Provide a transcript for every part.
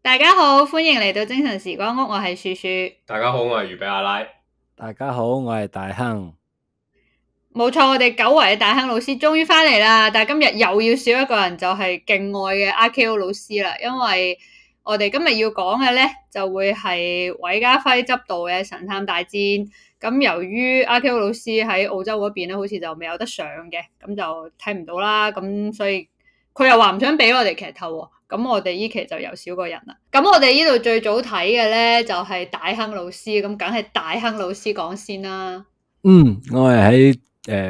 大家好，歡迎嚟到精神時光屋，我係樹樹。大家好，我係預備阿奶。大家好，我係大亨。冇錯，我哋久違嘅大亨老師終於翻嚟啦，但係今日又要少一個人，就係敬愛嘅阿 Ko 老師啦。因為我哋今日要講嘅咧，就會係韋家輝執導嘅《神探大戰》。咁由於阿 Ko 老師喺澳洲嗰邊咧，好似就未有得上嘅，咁就睇唔到啦。咁所以佢又話唔想俾我哋劇透喎。咁我哋呢期就有少個人啦。咁我哋呢度最早睇嘅咧，就係、是、大亨老師，咁梗係大亨老師講先啦。嗯，我係喺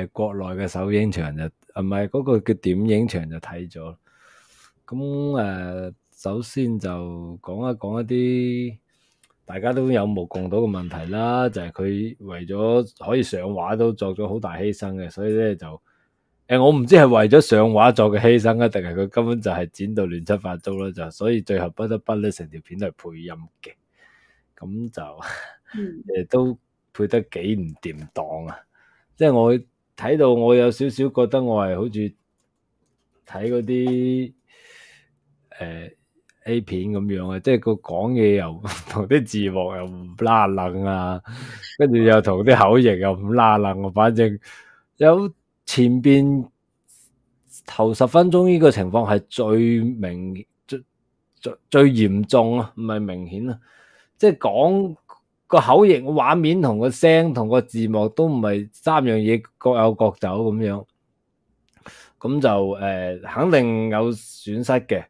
誒國內嘅首映場就，唔係嗰個叫點映場就睇咗。咁誒、呃，首先就講一講一啲大家都有目共睹嘅問題啦，就係、是、佢為咗可以上畫都作咗好大犧牲嘅，所以咧就。誒，我唔知係為咗上畫作嘅犧牲啊，定係佢根本就係剪到亂七八糟啦。就所以最後不得不咧成條片都係配音嘅，咁就誒都配得幾唔掂當啊！即係我睇到我有少少覺得我係好似睇嗰啲誒 A 片咁樣啊！即係佢講嘢又同啲字幕又唔拉楞啊，跟住又同啲口型又唔拉楞，反正有。前面頭十分鐘呢個情況係最明最最最嚴重啊，唔係明顯啊，即係講個口型、畫面同個聲同個字幕都唔係三樣嘢各有各走咁樣，咁就誒肯定有損失嘅。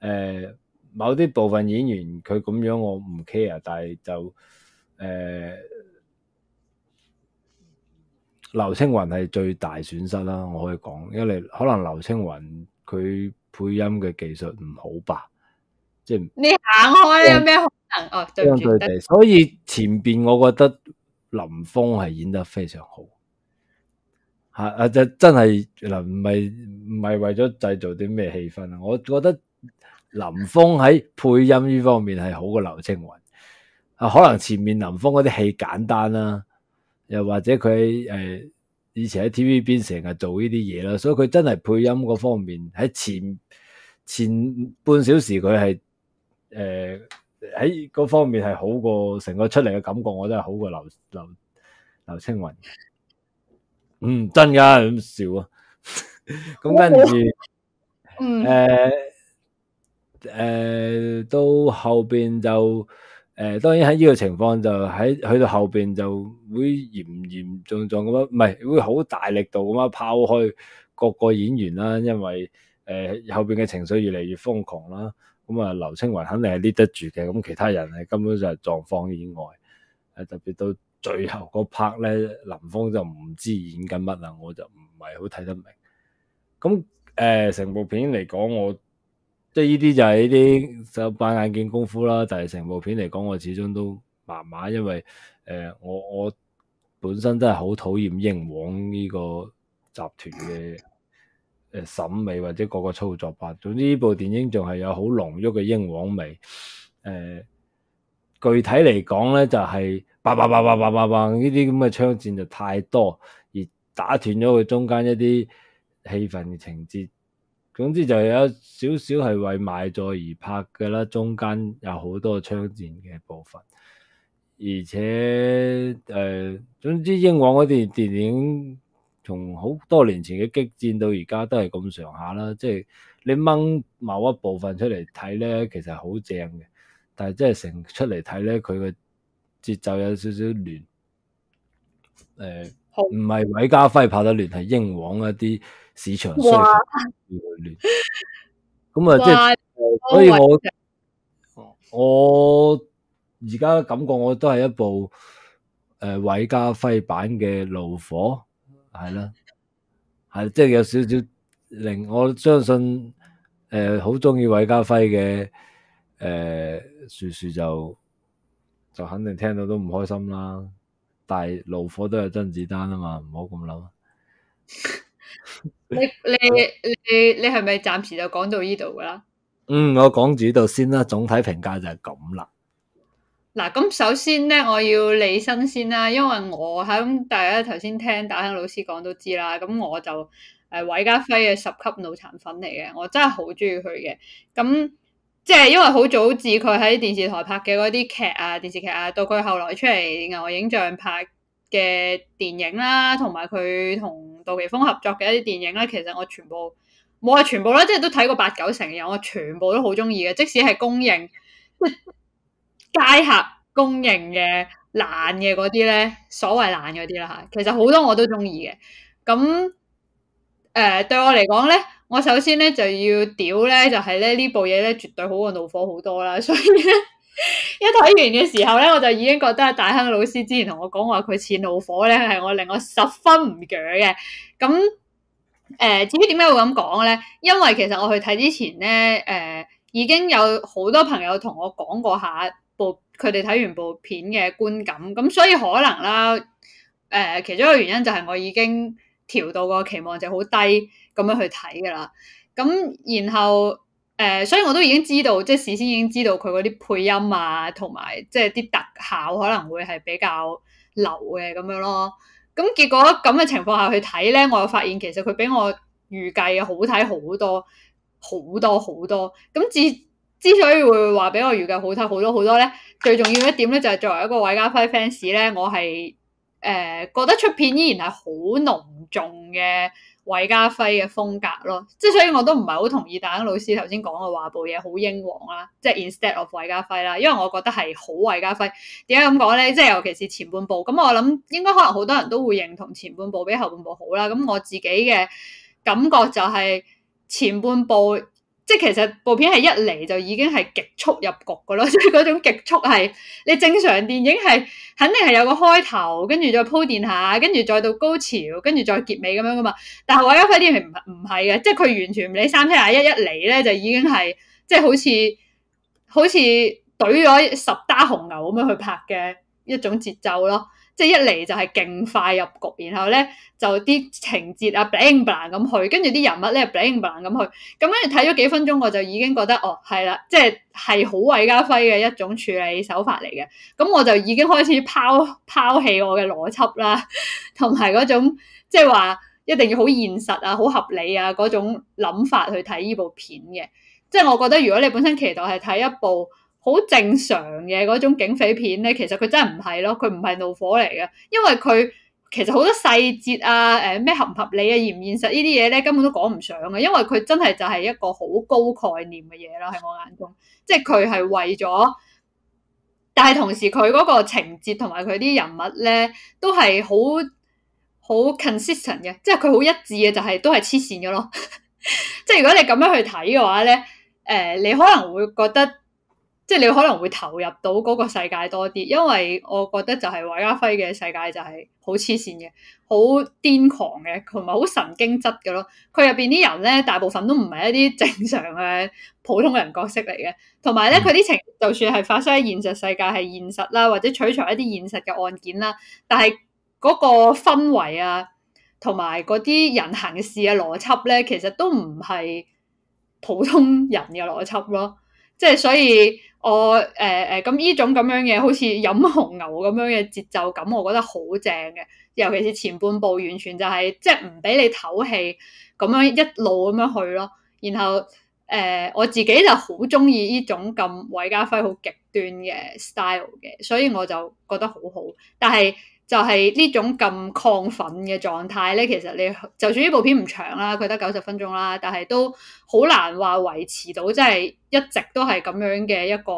誒某啲部分演員佢咁樣我唔 care，但係就誒。呃劉青雲係最大損失啦，我可以講，因為可能劉青雲佢配音嘅技術唔好吧，即係你行開，有咩、嗯、可能？哦，所以前邊我覺得林峰係演得非常好，吓啊！就真係嗱，唔係唔係為咗製造啲咩氣氛啊？我覺得林峰喺配音呢方面係好過劉青雲啊，可能前面林峰嗰啲戲簡單啦、啊。又或者佢誒、呃，以前喺 TVB 成日做呢啲嘢啦，所以佢真係配音嗰方面喺前前半小時佢係誒喺嗰方面係好過成個出嚟嘅感覺，我都係好過劉劉劉青雲。嗯，真噶咁，啊、笑啊！咁 跟住誒誒，到後邊就。誒、呃，當然喺呢個情況就喺去到後邊就會嚴嚴重重咁樣，唔係會好大力度咁樣拋開各個演員啦，因為誒、呃、後邊嘅情緒越嚟越瘋狂啦，咁啊劉青雲肯定係捏得住嘅，咁其他人係根本就係狀況以外，係、呃、特別到最後個 part 咧，林峯就唔知演緊乜啦，我就唔係好睇得明。咁、嗯、誒、成、呃、部片嚟講我。即係呢啲就係呢啲手板眼見功夫啦，但係成部片嚟講，我始終都麻麻，因為誒、呃、我我本身真係好討厭英皇呢個集團嘅誒審美或者個個操作法。總之呢部電影仲係有好濃郁嘅英皇味。誒、呃、具體嚟講咧，就係叭叭叭叭叭叭叭呢啲咁嘅槍戰就太多，而打斷咗佢中間一啲氣氛嘅情節。總之就有少少係為賣座而拍嘅啦，中間有好多槍戰嘅部分，而且誒、呃，總之《英皇》嗰啲電影從好多年前嘅激戰到而家都係咁上下啦，即係你掹某一部分出嚟睇咧，其實好正嘅，但係真係成出嚟睇咧，佢嘅節奏有少少亂，誒、呃，唔係韋家輝拍得亂，係英皇嗰啲。市場需亂，咁啊哇，即係、就是，哇所以我哇我而家感覺我都係一部誒韋、呃、家輝版嘅怒火係啦，係即係有少少令我相信誒好中意韋家輝嘅誒樹樹就就肯定聽到都唔開心啦，但係怒火都係甄子丹啊嘛，唔好咁諗。 你你你你係咪暫時就講到呢度噶啦？嗯，我講住呢度先啦，總體評價就係咁啦。嗱，咁首先咧，我要利申先啦，因為我喺大家頭先聽打興老師講都知啦，咁我就誒韋、呃、家輝嘅十級腦殘粉嚟嘅，我真係好中意佢嘅。咁即係因為好早自佢喺電視台拍嘅嗰啲劇啊、電視劇啊，到佢後來出嚟《銀河映像拍，拍，嘅電影啦，同埋佢同杜琪峰合作嘅一啲電影咧，其實我全部冇係全部啦，即係都睇過八九成，嘅我全部都好中意嘅，即使係公認 街客公認嘅爛嘅嗰啲咧，所謂爛嗰啲啦吓，其實好多我都中意嘅。咁誒、呃，對我嚟講咧，我首先咧就要屌咧，就係、是、咧呢部嘢咧絕對好過怒火好多啦，所以咧。 一睇完嘅時候咧，我就已經覺得大亨老師之前同我講話佢似怒火咧，係我令我十分唔鋸嘅。咁誒、呃，至於點解會咁講咧？因為其實我去睇之前咧，誒、呃、已經有好多朋友同我講過下部，佢哋睇完部片嘅觀感。咁所以可能啦，誒、呃、其中一個原因就係我已經調到個期望值好低咁樣去睇㗎喇。咁然後。誒、呃，所以我都已經知道，即係事先已經知道佢嗰啲配音啊，同埋即係啲特效可能會係比較流嘅咁樣咯。咁、嗯、結果咁嘅情況下去睇咧，我又發現其實佢比我預計好睇好多好多好多。咁之、嗯、之所以會話比我預計好睇好多好多咧，最重要一點咧就係作為一個韋家輝 fans 咧，我係誒、呃、覺得出片依然係好濃重嘅。韋家輝嘅風格咯，即係所以我都唔係好同意大英老師頭先講嘅話，部嘢好英皇啦，即係 instead of 韋家輝啦，因為我覺得係好韋家輝。點解咁講咧？即係尤其是前半部，咁我諗應該可能好多人都會認同前半部比後半部好啦。咁我自己嘅感覺就係前半部。即係其實部片係一嚟就已經係極速入局嘅咯，即係嗰種極速係你正常電影係肯定係有個開頭，跟住再鋪墊下，跟住再到高潮，跟住再結尾咁樣噶嘛。但係我覺得呢啲唔唔係嘅，即係佢完全唔理三七廿一，一嚟咧就已經係即係好似好似懟咗十打紅牛咁樣去拍嘅一種節奏咯。即係一嚟就係勁快入局，然後咧就啲情節啊 bling bling 咁去，跟住啲人物咧 bling bling 咁去，咁跟住睇咗幾分鐘我就已經覺得哦，係啦，即係係好韋家輝嘅一種處理手法嚟嘅。咁我就已經開始拋拋棄我嘅邏輯啦，同埋嗰種即係話一定要好現實啊、好合理啊嗰種諗法去睇呢部片嘅。即係我覺得如果你本身期待係睇一部好正常嘅嗰種警匪片咧，其實佢真係唔係咯，佢唔係怒火嚟嘅，因為佢其實好多細節啊，誒、呃、咩合唔合理啊，現唔現實呢啲嘢咧，根本都講唔上嘅，因為佢真係就係一個好高概念嘅嘢咯，喺我眼中，即係佢係為咗，但係同時佢嗰個情節同埋佢啲人物咧，都係好好 consistent 嘅，即係佢好一致嘅、就係，就係都係黐線嘅咯。 即係如果你咁樣去睇嘅話咧，誒、呃、你可能會覺得。即係你可能會投入到嗰個世界多啲，因為我覺得就係韋家輝嘅世界就係好黐線嘅，好癲狂嘅，同埋好神經質嘅咯。佢入邊啲人咧，大部分都唔係一啲正常嘅普通人角色嚟嘅，同埋咧佢啲情就算係發生喺現實世界係現實啦，或者取材一啲現實嘅案件啦，但係嗰個氛圍啊，同埋嗰啲人行事嘅邏輯咧，其實都唔係普通人嘅邏輯咯。即係所以我，我誒誒咁呢種咁樣嘅，好似飲紅牛咁樣嘅節奏感，我覺得好正嘅。尤其是前半部，完全就係、是、即係唔俾你唞氣，咁樣一路咁樣去咯。然後誒、呃，我自己就好中意呢種咁韋家輝好極端嘅 style 嘅，所以我就覺得好好。但係。就係呢種咁亢奮嘅狀態咧，其實你就算呢部片唔長啦，佢得九十分鐘啦，但係都好難話維持到，即係一直都係咁樣嘅一個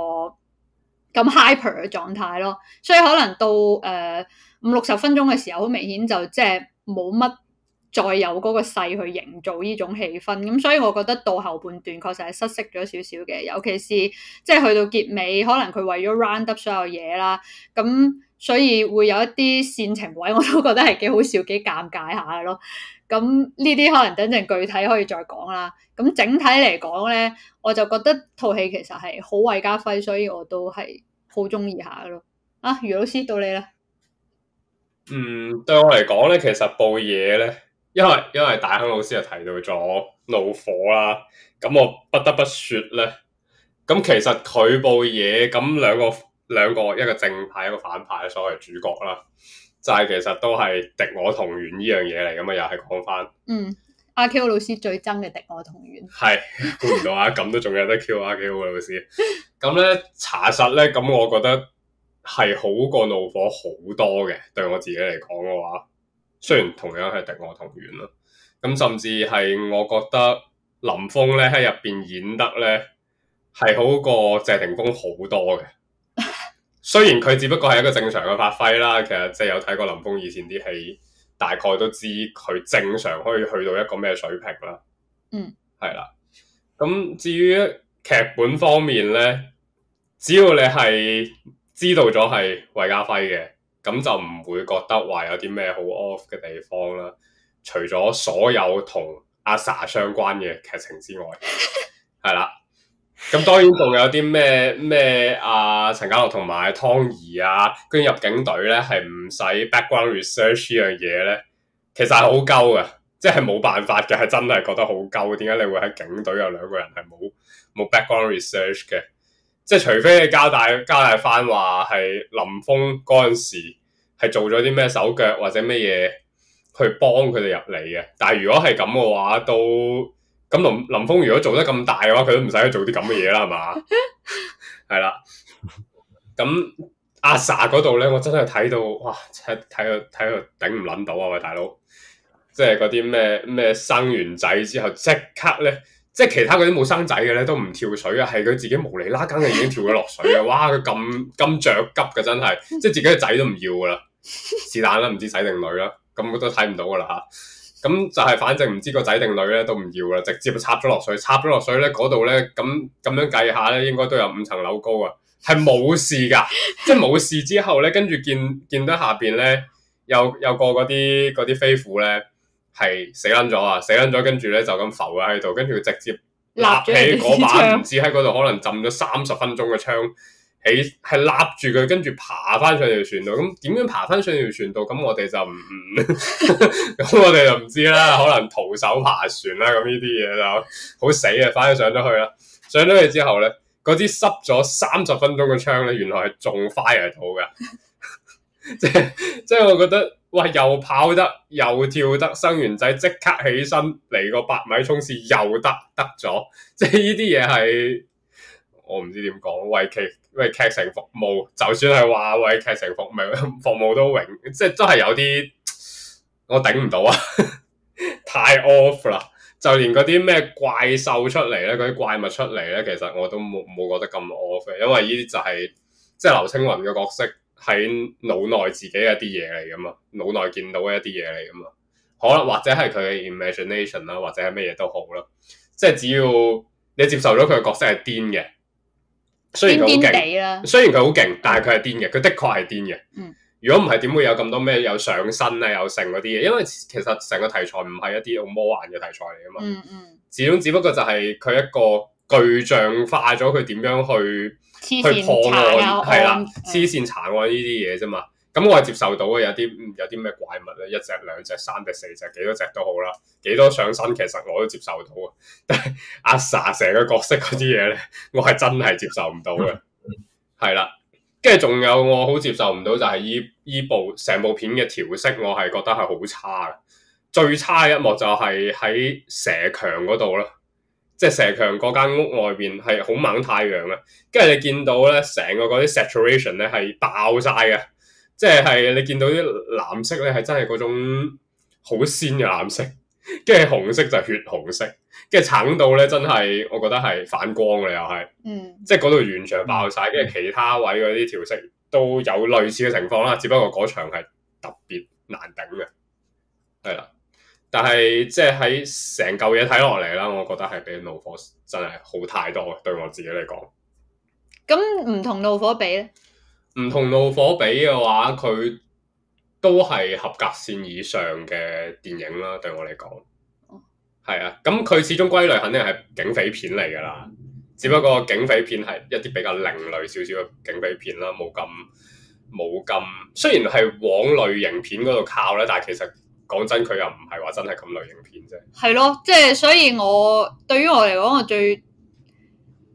咁 hyper 嘅狀態咯。所以可能到誒五六十分鐘嘅時候，好明顯就即係冇乜再有嗰個勢去營造呢種氣氛。咁所以我覺得到後半段確實係失色咗少少嘅，尤其是即係、就是、去到結尾，可能佢為咗 round up 所有嘢啦，咁。所以會有一啲煽情位，我都覺得係幾好笑、幾尷尬下嘅咯。咁呢啲可能等陣具體可以再講啦。咁整體嚟講咧，我就覺得套戲其實係好韋家輝，所以我都係好鍾意下咯。啊，余老師到你啦。嗯，對我嚟講咧，其實報嘢咧，因為因為大亨老師就提到咗怒火啦，咁我不得不說咧，咁其實佢報嘢咁兩個。兩個，一個正派，一個反派，所謂主角啦，就係、是、其實都係敵我同源呢樣嘢嚟咁啊，又係講翻嗯阿 Q 老師最憎嘅敵我同源係估唔到啊，咁 都仲有得 Q 阿 Q 老師咁咧，查實咧咁，我覺得係好過怒火好多嘅，對我自己嚟講嘅話，雖然同樣係敵我同源咯，咁甚至係我覺得林峯咧喺入邊演得咧係好過謝霆鋒好多嘅。雖然佢只不過係一個正常嘅發揮啦，其實即係有睇過林峰以前啲戲，大概都知佢正常可以去到一個咩水平啦。嗯，係啦。咁至於劇本方面咧，只要你係知道咗係韋家輝嘅，咁就唔會覺得話有啲咩好 off 嘅地方啦。除咗所有同阿 Sa 相關嘅劇情之外，係啦。 咁當然仲有啲咩咩啊？陳家樂同埋湯怡啊，居然入警隊咧，係唔使 background research 呢樣嘢咧，其實係好鳩噶，即係冇辦法嘅，係真係覺得好鳩。點解你會喺警隊有兩個人係冇冇 background research 嘅？即、就、係、是、除非你交大交大番話係林峰嗰陣時係做咗啲咩手腳或者咩嘢去幫佢哋入嚟嘅。但係如果係咁嘅話，都～咁林林峰如果做得咁大嘅話，佢都唔使去做啲咁嘅嘢啦，係嘛？係 啦。咁阿 sa 嗰度咧，我真係睇到哇！睇睇佢睇佢頂唔捻到啊，喂大佬！即係嗰啲咩咩生完仔之後即刻咧，即係其他嗰啲冇生仔嘅咧都唔跳水啊！係佢自己無厘啦，梗係已經跳咗落水啊！哇！佢咁咁着急噶真係，即係自己嘅仔都唔要噶啦，子是但啦，唔知仔定女啦，咁都睇唔到噶啦吓。咁就係，反正唔知個仔定女咧都唔要啦，直接插咗落水，插咗落水咧，嗰度咧，咁咁樣，樣計下咧，應該都有五層樓高啊，係冇事噶， 即係冇事之後咧，跟住見見到下邊咧有有個嗰啲啲飛虎咧係死撚咗啊，死撚咗，跟住咧就咁浮喺度，跟住直接立起嗰把唔知喺嗰度可能浸咗三十分鐘嘅槍。你係揦住佢，跟住爬翻上條船度。咁點樣爬翻上條船度？咁我哋就唔，咁 我哋就唔知啦。可能徒手爬船啦。咁呢啲嘢就好死啊！反正上咗去啦，上咗去之後咧，嗰支濕咗三十分鐘嘅槍咧，原來係仲快嚟到嘅。即即係我覺得，哇！又跑得，又跳得，生完仔即刻起身嚟個百米衝刺又得得咗。即係呢啲嘢係。我唔知點講，為劇為劇情服務，就算係話為劇情服唔服務都永，即係都係有啲我頂唔到啊！ 太 off 啦！就連嗰啲咩怪獸出嚟咧，嗰啲怪物出嚟咧，其實我都冇冇覺得咁 off，因為呢啲就係、是、即係劉青雲嘅角色喺腦內自己一啲嘢嚟噶嘛，腦內見到嘅一啲嘢嚟噶嘛，可能或者係佢嘅 imagination 啦，或者係乜嘢都好啦，即係只要你接受咗佢嘅角色係癲嘅。雖然佢好勁，天天雖然佢好勁，但係佢係癲嘅，佢的確係癲嘅。如果唔係點會有咁多咩有上身啊，有剩嗰啲嘢？因為其實成個題材唔係一啲好魔幻嘅題材嚟㗎嘛。嗯嗯，始終只不過就係佢一個具象化咗佢點樣去、嗯、去破案係啦，黐線查案呢啲嘢啫嘛。咁我係接受到嘅，有啲有啲咩怪物咧，一隻兩隻三隻四隻幾多隻都好啦，幾多上身其實我都接受到啊。但係阿 Sa 成個角色嗰啲嘢咧，我係真係接受唔到嘅。係啦，嗯，跟住仲有我好接受唔到就係依依部成部片嘅調色，我係覺得係好差嘅。最差嘅一幕就係喺蛇強嗰度囉，即係蛇強嗰間屋外邊係好猛太陽嘅，跟住你見到咧成個嗰啲 saturation 咧係爆晒嘅。即係你見到啲藍色咧，係真係嗰種好鮮嘅藍色，跟住紅色就血紅色，跟住橙到咧，真係我覺得係反光嘅又係，即係嗰度完全爆晒，跟住、嗯、其他位嗰啲調色都有類似嘅情況啦，只不過嗰場係特別難頂嘅，係啦。但係即係喺成嚿嘢睇落嚟啦，我覺得係比怒火真係好太多，對我自己嚟講。咁唔同怒火比咧？唔同怒火比嘅話，佢都係合格綫以上嘅電影啦。對我嚟講，係啊、哦。咁佢始終歸類肯定係警匪片嚟噶啦。嗯、只不過警匪片係一啲比較另類少少嘅警匪片啦，冇咁冇咁。雖然係往類型片嗰度靠咧，但係其實講真，佢又唔係話真係咁類型片啫。係咯，即係所以我對於我嚟講，我最誒、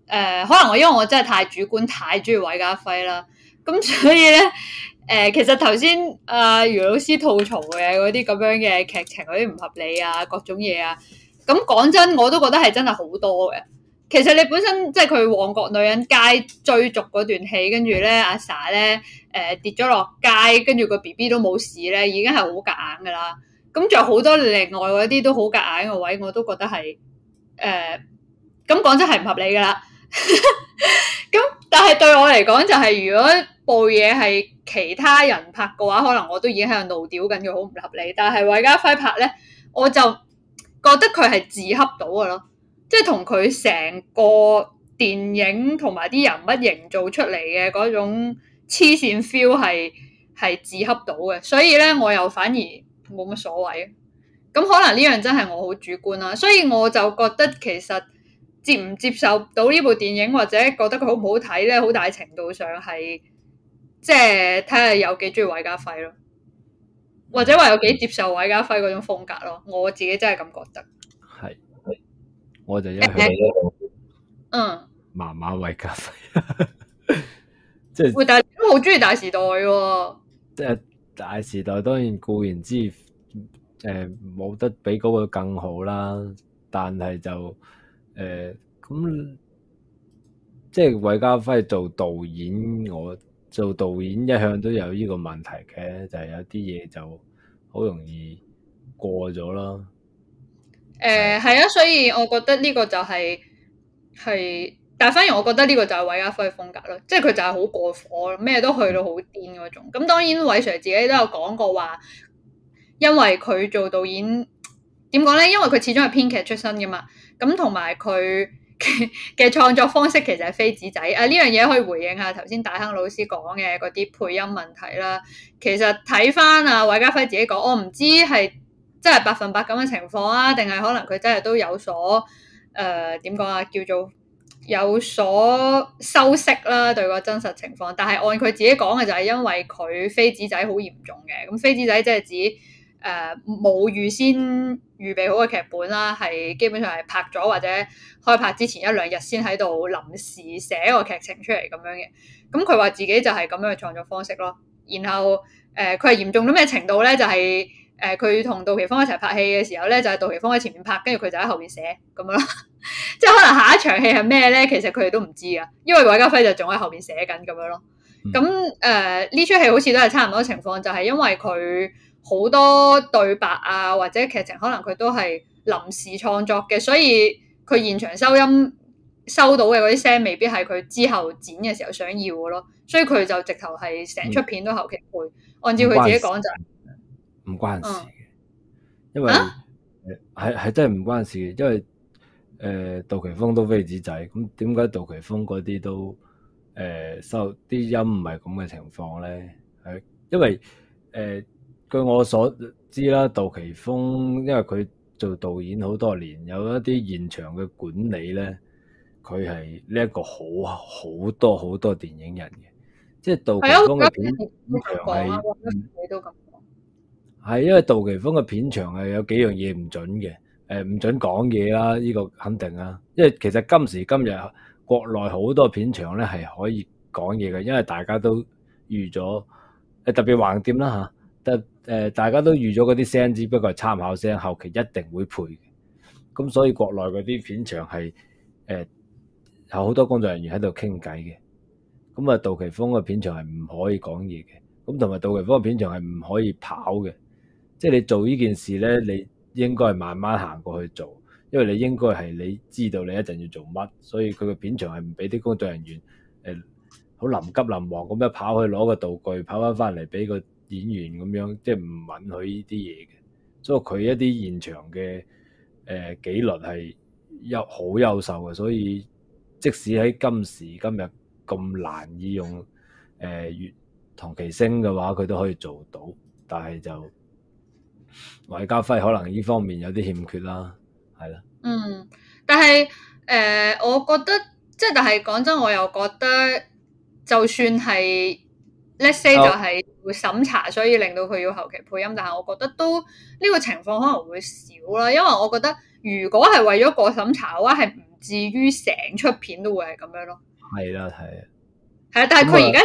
呃，可能我因為我真係太主觀，太中意韋家輝啦。咁所以咧，誒、呃，其實頭先阿余老師吐槽嘅嗰啲咁樣嘅劇情，嗰啲唔合理啊，各種嘢啊，咁講真，我都覺得係真係好多嘅。其實你本身即係佢旺角女人街追逐嗰段戲，跟住咧阿 Sa 咧，誒、呃、跌咗落街，跟住個 B B 都冇事咧，已經係好夾硬噶啦。咁仲有好多另外嗰啲都好夾硬嘅位，我都覺得係誒，咁、呃、講真係唔合理噶啦。咁， 但係對我嚟講，就係如果部嘢係其他人拍嘅話，可能我都已經喺度怒屌緊佢，好唔合理。但係韋家輝拍咧，我就覺得佢係自洽到嘅咯，即係同佢成個電影同埋啲人物營造出嚟嘅嗰種黐線 feel 係係自洽到嘅，所以咧我又反而冇乜所謂。咁可能呢樣真係我好主觀啦，所以我就覺得其實。接唔接受到呢部電影，或者覺得佢好唔好睇咧？好大程度上係即係睇下有幾中意韋家輝咯，或者話有幾接受韋家輝嗰種風格咯。我自己真係咁覺得。係，我就一向都，欸欸、嗯，麻麻韋家輝，即 係、就是。會大都好中意大時代。即係大時代，當然固然之，誒、呃，冇得比嗰個更好啦，但係就。誒，咁、嗯嗯、即係韋家輝做導演，我做導演一向都有呢個問題嘅，就係、是、有啲嘢就好容易過咗咯。誒，係啊、呃，所以我覺得呢個就係、是、係，但係反而我覺得呢個就係韋家輝嘅風格咯，即係佢就係好過火，咩都去到好癲嗰種。咁、嗯、當然，韋 sir 自己都有講過話，因為佢做導演。點講咧？因為佢始終係編劇出身㗎嘛，咁同埋佢嘅創作方式其實係飛紙仔啊！呢樣嘢可以回應下頭先大亨老師講嘅嗰啲配音問題啦。其實睇翻啊，韋家輝自己講，我、哦、唔知係真係百分百咁嘅情況啊，定係可能佢真係都有所誒點講啊，叫做有所修飾啦，對個真實情況。但係按佢自己講嘅就係因為佢飛紙仔好嚴重嘅，咁、嗯、飛紙仔即係指。誒冇、呃、預先預備好嘅劇本啦，係基本上係拍咗或者開拍之前一兩日先喺度臨時寫個劇情出嚟咁樣嘅。咁佢話自己就係咁樣嘅創作方式咯。然後誒，佢、呃、係嚴重到咩程度咧？就係、是、誒，佢、呃、同杜琪峰一齊拍戲嘅時候咧，就係、是、杜琪峰喺前面拍，跟住佢就喺後面寫咁樣咯。 即係可能下一場戲係咩咧？其實佢哋都唔知啊，因為韋家輝就仲喺後面寫緊咁樣咯。咁誒、嗯，呢、呃、出戲好似都係差唔多情況，就係、是、因為佢。好多對白啊，或者劇情，可能佢都係臨時創作嘅，所以佢現場收音收到嘅嗰啲聲，未必係佢之後剪嘅時候想要嘅咯。所以佢就直頭係成出片都後期配。嗯、按照佢自己講就唔、是、關事嘅，因為係係真係唔關事嘅、呃呃。因為誒杜琪峰都飛紙仔，咁點解杜琪峰嗰啲都誒收啲音唔係咁嘅情況咧？誒，因為誒。據我所知啦，杜琪峰因為佢做導演好多年，有一啲現場嘅管理咧，佢係呢一個好好多好多電影人嘅，即係杜琪峰嘅片場係你都咁，係因為杜琪峰嘅片場係有幾樣嘢唔準嘅，誒唔準講嘢啦，呢個肯定啊。因為其實今時今日國內好多片場咧係可以講嘢嘅，因為大家都預咗，誒特別橫店啦吓，誒、呃，大家都預咗嗰啲聲，只不過係參考聲，後期一定會配。咁所以國內嗰啲片場係誒、呃、有好多工作人員喺度傾偈嘅。咁啊，杜琪峯嘅片場係唔可以講嘢嘅。咁同埋杜琪峯嘅片場係唔可以跑嘅。即、就、係、是、你做呢件事咧，你應該係慢慢行過去做，因為你應該係你知道你一陣要做乜，所以佢嘅片場係唔俾啲工作人員誒好、呃、臨急臨忙咁樣跑去攞個道具，跑翻翻嚟俾個演員咁樣即係唔允許呢啲嘢嘅，所以佢一啲現場嘅誒、呃、紀律係優好優秀嘅，所以即使喺今時今日咁難以用誒粵語同期聲嘅、呃、話，佢都可以做到，但係就韋家輝可能呢方面有啲欠缺啦，係啦。嗯，但係誒、呃，我覺得即係，但係講真，我又覺得就算係。Let's say 就係會審查，所以令到佢要後期配音，但係我覺得都呢、這個情況可能會少啦，因為我覺得如果係為咗個審查嘅話，係唔至於成出片都會係咁樣咯。係啦，係啦，係啦，但係佢而家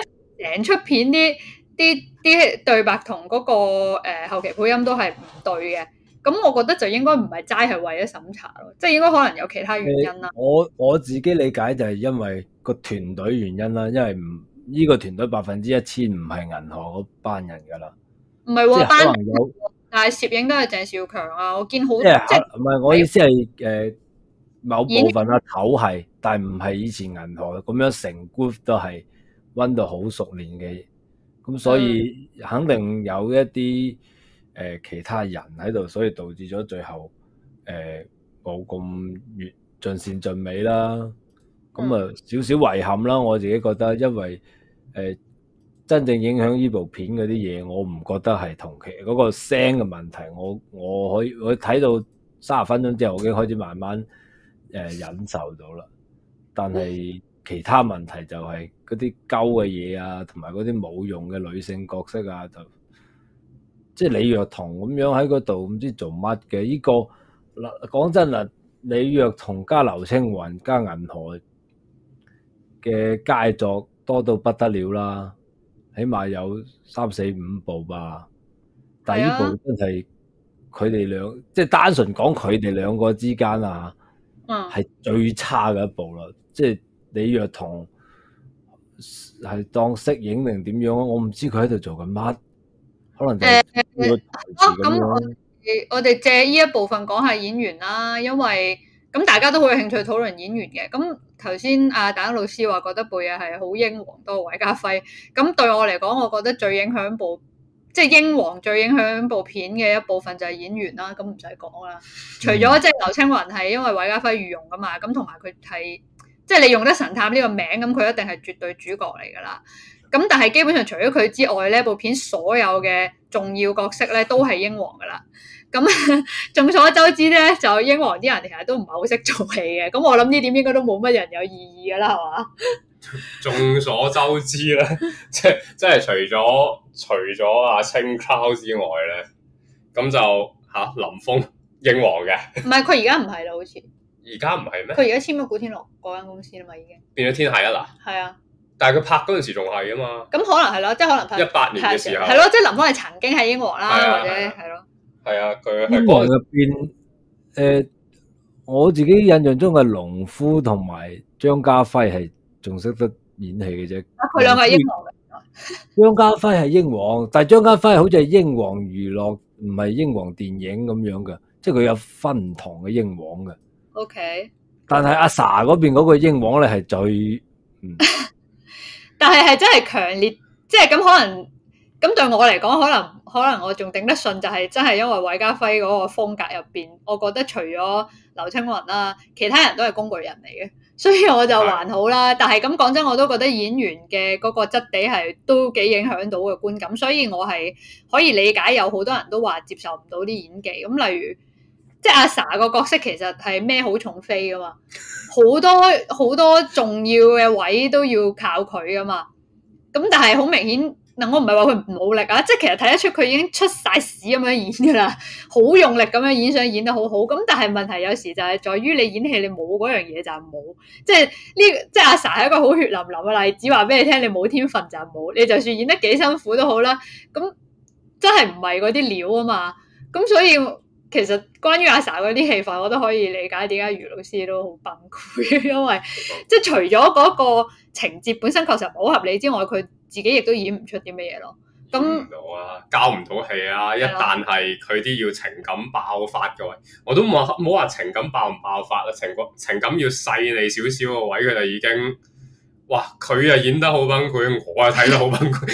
成出片啲啲啲對白同嗰、那個誒、呃、後期配音都係唔對嘅，咁我覺得就應該唔係齋係為咗審查咯，即係應該可能有其他原因啦。我我自己理解就係因為個團隊原因啦，因為唔。呢個團隊百分之一千唔係銀河班人噶啦，唔係、啊，但係攝影都係鄭少強啊，我見好多係唔係我意思係誒、呃，某部分阿頭係，但係唔係以前銀河咁樣成 group 都係温到好熟練嘅，咁所以肯定有一啲誒、呃、其他人喺度，所以導致咗最後誒冇咁完盡善盡美啦。咁啊，少少遺憾啦。我自己覺得，因為誒、呃、真正影響呢部片嗰啲嘢，我唔覺得係同期嗰、嗰個聲嘅問題。我我可以我睇到三十分鐘之後，我已經開始慢慢誒、呃、忍受到啦。但係其他問題就係嗰啲鳩嘅嘢啊，同埋嗰啲冇用嘅女性角色啊，就即係李若彤咁樣喺嗰度唔知做乜嘅呢個嗱講真啊，李若彤加劉青雲加銀河，嘅佳作多到不得了啦，起碼有三四五部吧。第一部真係佢哋兩，即係單純講佢哋兩個之間啊，係最差嘅一部啦。即係李若彤係當攝影定點樣啊？我唔知佢喺度做緊乜，可能誒、欸，咁、哦、我哋借呢一部分講下演員啦，因為咁大家都好有興趣討論演員嘅咁。頭先阿大老師話覺得部嘢係好英皇多過韋家輝，咁對我嚟講，我覺得最影響部即係、就是、英皇最影響部片嘅一部分就係演員啦，咁唔使講啦。除咗即係劉青雲係因為韋家輝御用噶嘛，咁同埋佢係即係你用得神探呢個名，咁佢一定係絕對主角嚟噶啦。咁但係基本上除咗佢之外呢部片所有嘅重要角色咧都係英皇噶啦。咁， 眾所周知咧，就英皇啲人其實都唔係好識做戲嘅。咁我諗呢點應該都冇乜人有意義噶啦，係嘛？ 眾所周知咧，即即係除咗除咗阿青睞之外咧，咁就嚇、啊、林峰英皇嘅。唔係佢而家唔係啦，好似而家唔係咩？佢而家簽咗古天樂嗰間公司啦嘛，已經變咗天下一啦。係啊，但係佢拍嗰陣時仲係啊嘛。咁可能係咯，即係可能拍一八年嘅時候係咯，即係、就是、林峰係曾經係英皇啦，或者係咯。係啊，佢英皇入邊誒，我自己印象中嘅農夫同埋張家輝係仲識得演戲嘅啫。啊，佢兩個英皇嘅。張家輝係英皇，但係張家輝係好似係英皇娛樂，唔係英皇電影咁樣嘅，即係佢有分唔同嘅英皇嘅。OK。但係阿 Sa 嗰邊嗰個英皇咧係最，但係係真係強烈，即係咁可能。咁對我嚟講，可能可能我仲頂得順，就係真係因為韋家輝嗰個風格入邊，我覺得除咗劉青雲啦、啊，其他人都係工具人嚟嘅，所以我就還好啦。的但係咁講真，我都覺得演員嘅嗰個質地係都幾影響到嘅觀感，所以我係可以理解有好多人都話接受唔到啲演技。咁例如，即、就、係、是、阿 Sa 個角色其實係咩好重飛噶嘛，好多好多重要嘅位都要靠佢噶嘛。咁但係好明顯。嗱，我唔係話佢唔努力啊，即係其實睇得出佢已經出晒屎咁樣演噶啦，好用力咁樣演，想演得好好。咁但係問題有時就係在於你演戲，你冇嗰樣嘢就冇。即係呢、呢個，即係阿 Sa 係一個好血淋淋嘅例子。只話俾你聽，你冇天分就冇，你就算演得幾辛苦都好啦。咁真係唔係嗰啲料啊嘛。咁所以其實關於阿 Sa 嗰啲戲份，我都可以理解點解余老師都好崩潰，因為即係除咗嗰個情節本身確實唔好合理之外，佢。自己亦都演唔出啲咩嘢咯，咁，啊，交唔到戲啊！的一旦係佢啲要情感爆發嘅位，我都冇冇話情感爆唔爆發啦，情感情感要細膩少少嘅位，佢就已經，哇！佢啊演得好崩潰，我啊睇得好崩潰，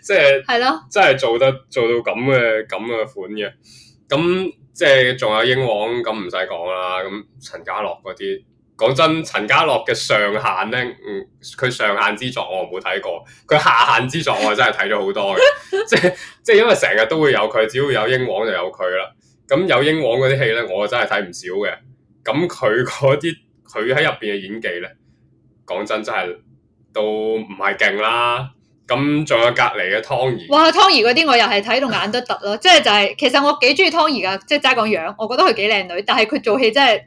即係，係咯，真係做得做到咁嘅咁嘅款嘅，咁即係仲有英皇咁唔使講啦，咁陳家樂嗰啲。講真，陳家樂嘅上限咧，嗯，佢上限之作我冇睇過，佢下限之作我，我真係睇咗好多嘅， 即係即係因為成日都會有佢，只要有英皇就有佢啦。咁有英皇嗰啲戲咧，我真係睇唔少嘅。咁佢嗰啲佢喺入邊嘅演技咧，講真的真係都唔係勁啦。咁仲有隔籬嘅湯怡，哇，湯怡嗰啲我又係睇到眼都突咯，即係 就係、就係、其實我幾中意湯怡噶，即係齋講樣，我覺得佢幾靚女，但係佢做戲真係。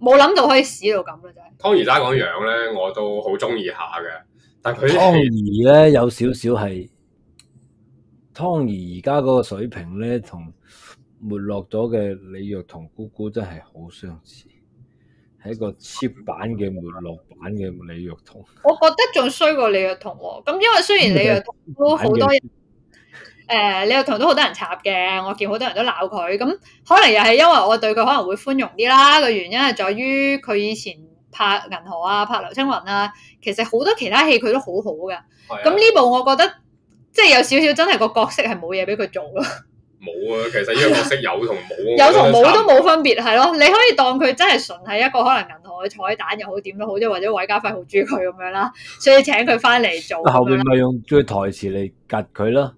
冇諗到可以屎到咁啦，就係，湯怡而家個樣咧，我都好中意下嘅，但佢湯怡咧有少少係湯怡而家嗰個水平咧，同沒落咗嘅李若彤姑姑真係好相似，係一個切版嘅沒落版嘅李若彤。 我覺得仲衰過李若彤，哦，咁因為雖然李若彤都好多人。嗯嗯嗯嗯嗯誒、呃，你又同到好多人插嘅，我見好多人都鬧佢，咁、嗯、可能又係因為我對佢可能會寬容啲啦。個原因係在於佢以前拍銀河啊，拍劉青雲啊，其實好多其他戲佢都好好嘅。咁呢、啊嗯、部我覺得即係有少少真係個角色係冇嘢俾佢做咯。冇啊，其實呢個角色有同冇、啊、覺有同冇都冇分別係咯。你可以當佢真係純係一個可能銀河嘅彩蛋又好點都好，即或者韋家輝好中意佢咁樣啦，所以請佢翻嚟做。樣後面咪用最台詞嚟夾佢咯。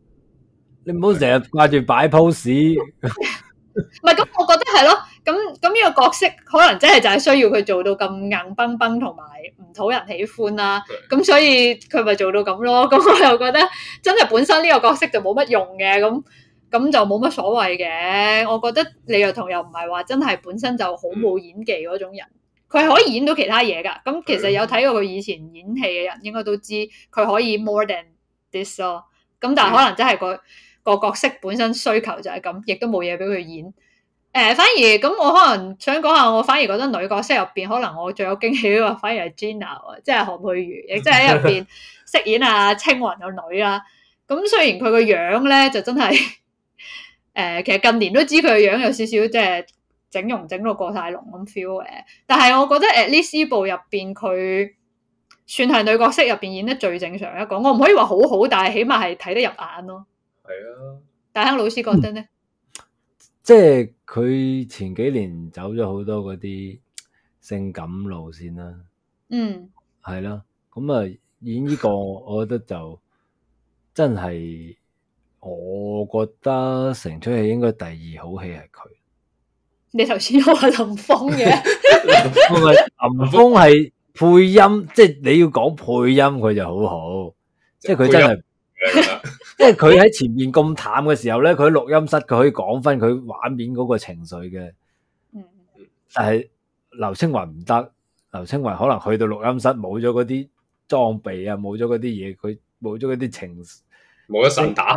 你唔好成日掛住擺 pose，唔係咁， 我覺得係咯，咁咁呢個角色可能真係就係需要佢做到咁硬崩崩同埋唔討人喜歡啦、啊，咁所以佢咪做到咁咯，咁我又覺得真係本身呢個角色就冇乜用嘅，咁咁就冇乜所謂嘅。我覺得李若彤又唔係話真係本身就好冇演技嗰種人，佢係、嗯、可以演到其他嘢噶。咁其實有睇過佢以前演戲嘅人，應該都知佢可以 more than this 咯。咁但係可能真係個。嗯個角色本身需求就係咁，亦都冇嘢俾佢演。誒、呃，反而咁我可能想講下，我反而覺得女角色入邊，可能我最有驚喜嘅反而係 Gina 即係何佩瑜，亦即係喺入邊飾演阿青雲個女啦。咁 雖然佢個樣咧就真係誒、呃，其實近年都知佢個樣有少少即係整容整到過晒龍咁 feel 嘅，但係我覺得 at least 呢部入邊佢算係女角色入邊演得最正常一個。我唔可以話好好，但係起碼係睇得入眼咯。係咯，大亨老師覺得咧，即係佢前幾年走咗好多嗰啲性感路線啦。嗯，係啦，咁啊演呢個，我覺得就真係，我覺得成出戲應該第二好戲係佢。你頭先又話林峰嘅， 林峰係配音，即係你要講配音佢就好好，即係佢真係。 即係佢喺前面咁淡嘅時候咧，佢喺錄音室佢可以講翻佢畫面嗰個情緒嘅，嗯，但係劉青雲唔得，劉青雲可能去到錄音室冇咗嗰啲裝備啊，冇咗嗰啲嘢，佢冇咗嗰啲情，冇咗神打，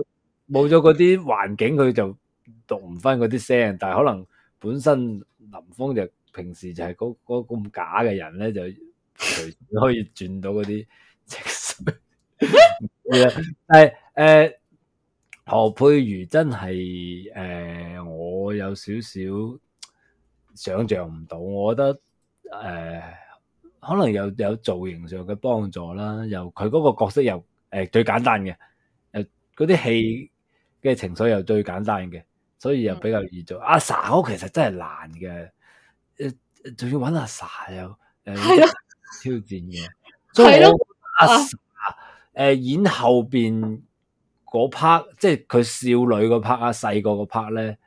冇咗嗰啲環境，佢就讀唔翻嗰啲聲。但係可能本身林峰就平時就係嗰咁假嘅人咧，就可以轉到嗰啲情緒，係。誒，何、呃、佩瑜真係誒、呃，我有少少想象唔到，我覺得誒、呃，可能又有，有造型上嘅幫助啦，又佢嗰個角色又誒、呃、最簡單嘅，誒嗰啲戲嘅情緒又最簡單嘅，所以又比較易做。阿 sa 我其實真係難嘅，誒、嗯、仲要揾阿 sa 又誒挑戰嘅，所以阿 sa 誒演後邊。嗰 part 即係佢少女嗰 part 啊，細個嗰 part 咧，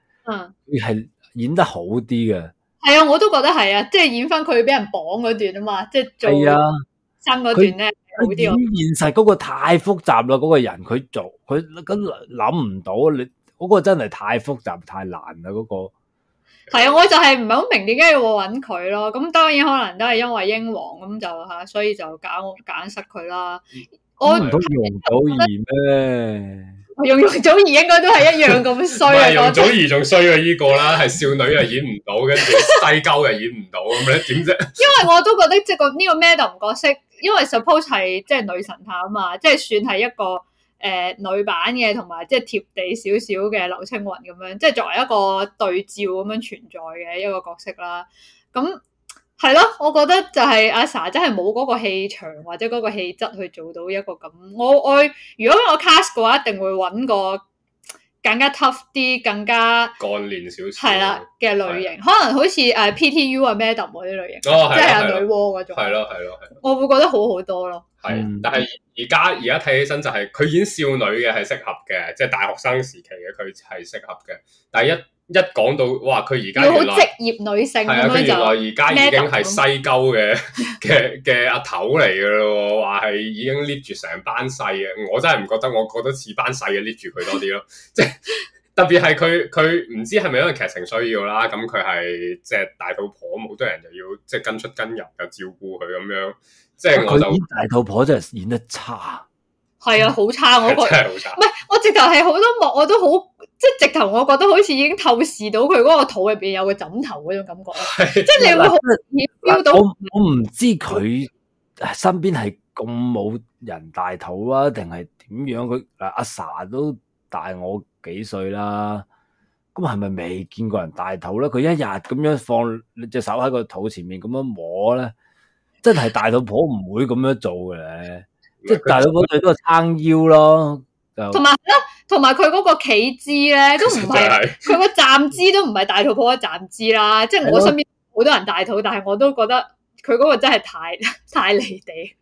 係、嗯、演得好啲嘅。係啊，我都覺得係啊，即係演翻佢俾人綁嗰段啊嘛，即係做生嗰、啊、段咧他好啲。現實嗰個太複雜啦，嗰、那個人佢做佢咁諗唔到，你、那、嗰個真係太複雜太難啦。嗰、那個係啊，我就係唔係好明點解要我揾佢咯。咁當然可能都係因為英皇咁就吓，所以就揀揀失佢啦。我唔到容祖兒咩 容祖兒應該都係一樣咁衰啊！容祖兒仲衰啊！呢個啦，係少女又演唔到，跟住 西郊又演唔到咁咧，點啫？呢 因為我都覺得即係個呢個 Madam 角色，因為 Suppose 係即係、就是、女神探啊嘛，即、就、係、是、算係一個誒、呃、女版嘅，同埋即係貼地少少嘅劉青雲咁樣，即、就、係、是、作為一個對照咁樣存在嘅一個角色啦。咁。係咯，我覺得就係阿 Sa 真係冇嗰個氣場或者嗰個氣質去做到一個咁。我我如果我 cast 嘅話，一定會揾個更加 tough 啲、更加幹練少少，係啦嘅類型。的可能好似誒 PTU 啊、呃、PTU, Madam 嗰啲類型，哦、即係女喎嗰種。係咯，係咯，我會覺得好好多咯。係的，嗯、但係而家而家睇起身就係、是、佢演少女嘅係適合嘅，即、就、係、是、大學生時期嘅佢係適合嘅，但係一。一講到哇，佢而家原來你好職業女性咁樣就原、啊、來而家已經係西九嘅嘅嘅阿頭嚟嘅咯喎，話係已經捏住成班細嘅，我真係唔覺得，我覺得似班細嘅捏住佢多啲咯。即 係特別係佢佢唔知係咪因為劇情需要啦？咁佢係即係大肚婆，好多人就要即係、就是、跟出跟入就照顧佢咁樣。即、就、係、是、我就大肚婆真係演得差。係啊，好差，我、那、覺、個，真係好差。唔係，我直頭係好多幕，我都好，即係直頭，我覺得好似已經透視到佢嗰個肚入邊有個枕頭嗰種感覺。 即係你會好，明顯 feel 到我，我唔知佢身邊係咁冇人大肚啊，定係點樣？佢阿阿 Sa 都大我幾歲啦，咁係咪未見過人大肚咧？佢一日咁樣放隻手喺個肚前面咁樣摸咧，真係大肚婆唔會咁樣做嘅咧。 即係大肚婆最多撐腰咯，同埋咯，同埋佢嗰個企姿咧都唔係，佢個站姿都唔係、就是、大肚婆嘅站姿啦。的即係我身邊好多人大肚，但係我都覺得佢嗰個真係太太離地，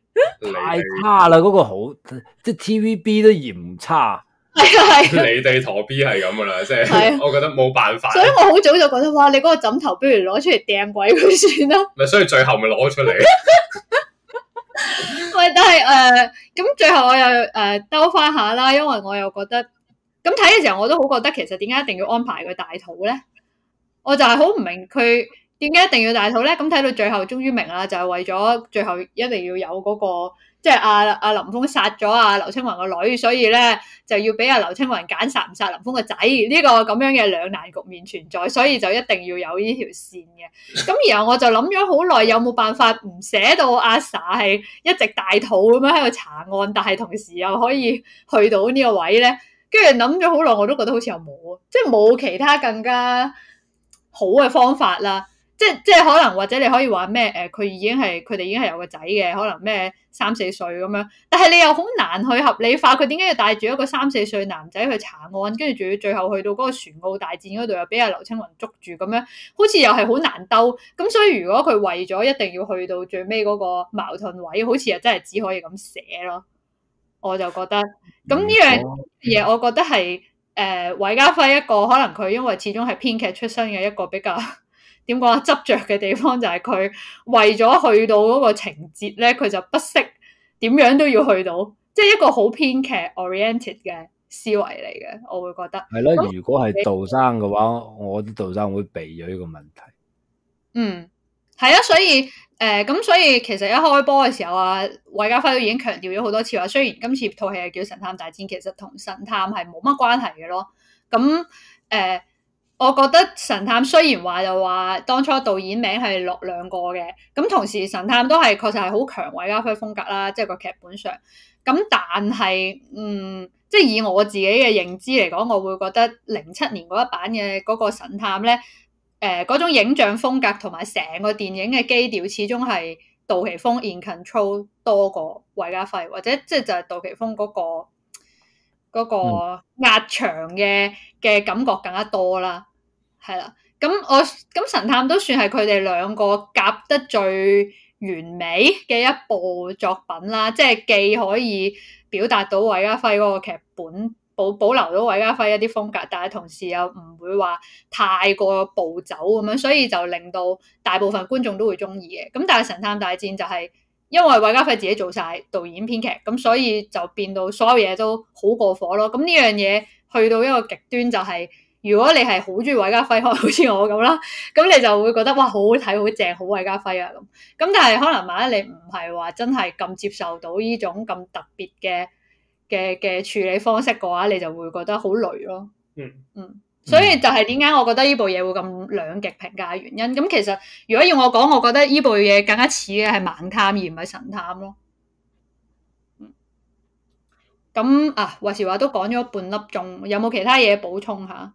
太差啦！嗰、嗰個好即係 TVB 都嫌差，係啊係，你哋妥 B 係咁噶啦，即係 的， 我覺得冇辦法。所以，我好早就覺得哇，你嗰個枕頭不如攞出嚟，掟鬼佢算啦。咪所以最後咪攞出嚟。 喂， 但係誒，咁、呃、最後我又誒兜翻下啦，因為我又覺得咁睇嘅時候，我都好覺得其實點解一定要安排佢大肚咧？我就係好唔明佢點解一定要大肚咧？咁睇到最後終於明啦，就係、是、為咗最後一定要有嗰、那個。即係阿阿林峰殺咗阿劉青雲個女，所以咧就要俾阿劉青雲揀殺唔殺林峰，這個仔呢個咁樣嘅兩難局面存在，所以就一定要有呢條綫嘅。咁然後我就諗咗好耐，有冇辦法唔寫到阿 s a r 係一直大肚咁樣喺度查案，但係同時又可以去到呢個位咧？跟住諗咗好耐，我都覺得好似又冇即係冇其他更加好嘅方法啦。即係即係可能或者你可以話咩，誒，佢已經係佢哋已經係有個仔嘅，可能咩三四歲咁樣，但係你又好難去合理化佢點解要帶住一個三四歲男仔去查案，跟住仲要最後去到嗰個船澳大戰嗰度又俾阿劉青雲捉住咁樣，好似又係好難兜。咁所以如果佢為咗一定要去到最尾嗰個矛盾位，好似又真係只可以咁寫咯。我就覺得咁呢樣嘢，我覺得係誒，韋家輝一個可能佢因為始終係編劇出身嘅一個比較。 點講執着嘅地方就係佢為咗去到嗰個情節咧，佢就不惜點樣都要去到，即係一個好編劇 oriented 嘅思維嚟嘅，我會覺得係啦、嗯。如果係杜生嘅話，我覺得杜生會避咗呢個問題。嗯、係、嗯、啊，所以誒，咁、呃、所以其實一開波嘅時候啊，韋家輝都已經強調咗好多次話，雖然今次套戲係叫神探大戰，其實同神探係冇乜關係嘅咯。咁、嗯、誒。呃我覺得神探雖然話就話當初導演名係落兩個嘅，咁同時神探都係確實係好強韋家輝風格啦，即係個劇本上。咁但係，嗯，即係以我自己嘅認知嚟講，我會覺得零七年嗰一版嘅嗰個神探咧，誒、呃、嗰種影像風格同埋成個電影嘅基調，始終係杜琪峰 in control 多過韋家輝，或者即係就係杜琪峰嗰個。嗰個壓場嘅嘅感覺更加多啦，係啦，咁我咁神探都算係佢哋兩個夾得最完美嘅一部作品啦，即係既可以表達到韋家輝嗰個劇本，保保留到韋家輝一啲風格，但係同時又唔會話太過暴走咁樣，所以就令到大部分觀眾都會中意嘅。咁但係神探大戰就係。因為韋家輝自己做晒導演編劇，咁所以就變到所有嘢都好過火咯。咁呢樣嘢去到一個極端就係、是，如果你係好中意韋家輝，好似我咁啦，咁你就會覺得哇，好好睇，好正，好韋家輝啊咁。咁但係可能萬一你唔係話真係咁接受到呢種咁特別嘅嘅嘅處理方式嘅話，你就會覺得好累咯。嗯嗯。嗯所以就係點解我覺得呢部嘢會咁兩極評價嘅原因。咁其實如果要我講，我覺得呢部嘢更加似嘅係盲探而唔係神探咯。嗯。咁啊，話時話都講咗半粒鐘，有冇其他嘢補充下？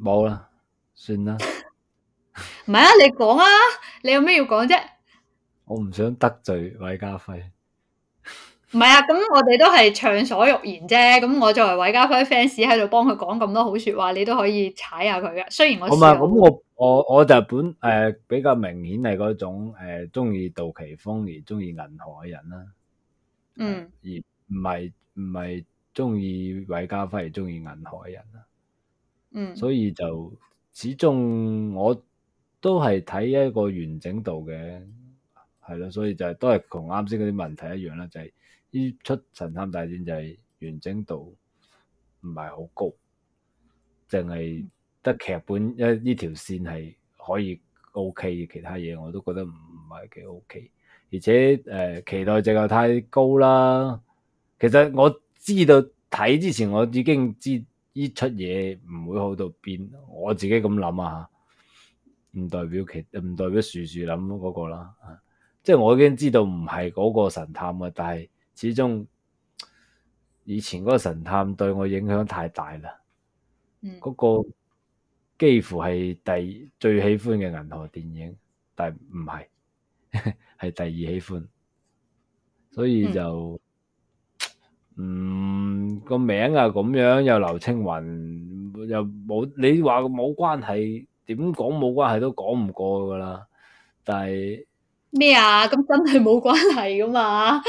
冇啦，算啦。唔 係 啊，你講啊，你有咩要講啫？我唔想得罪韋家輝。唔係啊，咁我哋都係暢所欲言啫。咁我作為韋家輝 fans 喺度幫佢講咁多好説話，你都可以踩下佢㗎。雖然我唔係咁，我我我就本誒、呃、比較明顯係嗰種誒中意杜琪峰而中意銀河嘅人啦。嗯，而唔係唔係中意韋家輝而中意銀河嘅人啦。嗯，所以就始終我都係睇一個完整度嘅。係咯，所以就係都係同啱先嗰啲問題一樣啦，就係、是、呢出神探大戰就係完整度唔係好高，淨係得劇本一呢條線係可以 OK，其他嘢我都覺得唔唔係幾 OK，而且誒、呃、期待值又太高啦。其實我知道睇之前我已經知呢出嘢唔會好到邊，我自己咁諗下，唔代表其唔代表樹樹諗嗰個啦即係我已經知道唔係嗰個神探啊，但係始終以前嗰個神探對我影響太大啦。嗯，嗰個幾乎係第最喜歡嘅銀河電影，但係唔係，係第二喜歡。所以就嗯個名啊咁樣，又劉青雲又冇，你話冇關係，點講冇關係都講唔過噶啦，但係。咩啊？咁真係冇關係㗎嘛？